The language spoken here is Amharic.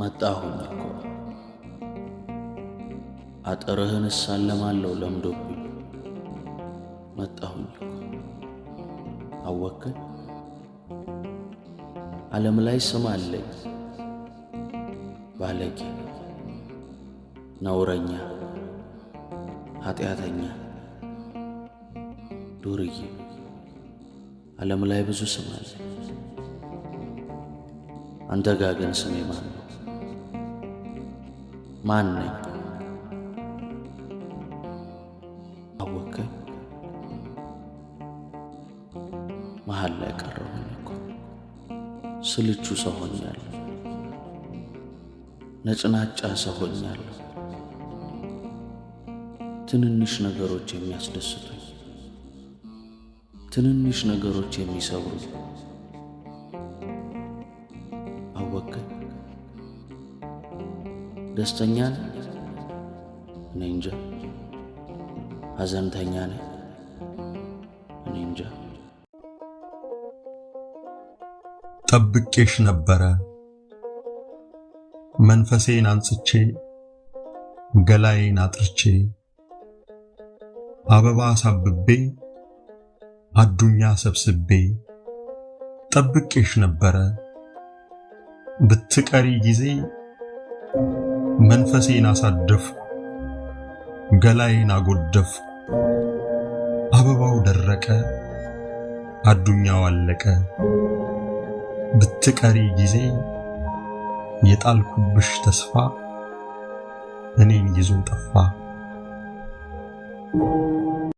መጣሁኝ እኮ አጥርህን እሳለማለሁ ለምዶብኝ መጣሁኝ እኮ አወክን ዓለም ላይ ስም አለኝ ባለጌ ነውረኛ ኃጢአተኛ ዱርዬ ዓለም ላይ ብዙ ስም አለ አንተ ጋ ግን ስሜ ማን ነው ማን ነኝ? አወከኝ። መሀል ላይ ቀረሁኝ እኮ ስልቹ ሰው ሆኛለሁ። ነጭናጫ ሰው ሆኛለሁ። ትንንሽ ነገሮች የሚያስደስቱኝ፣ ትንንሽ ነገሮች የሚሰብሩኝ አወከኝ። ደስተኛ ነህ? እኔ እንጃ። ሀዘንተኛ ነህ? እኔ እንጃ። ጠብቄሽ ነበረ መንፈሴን አንጽቼ ገላዬን አጥርቼ አበባ አሳብቤ አዱኛ ሰብስቤ ጠብቄሽ ነበረ ብትቀሪ ጊዜ መንፈሴን አሳደፉ፣ ገላዬን አጎደፉ። አበባው ደረቀ፣ አዱኛው አለቀ። ብትቀሪ ጊዜ የጣልኩብሽ ተስፋ እኔን ይዞ ጠፋ።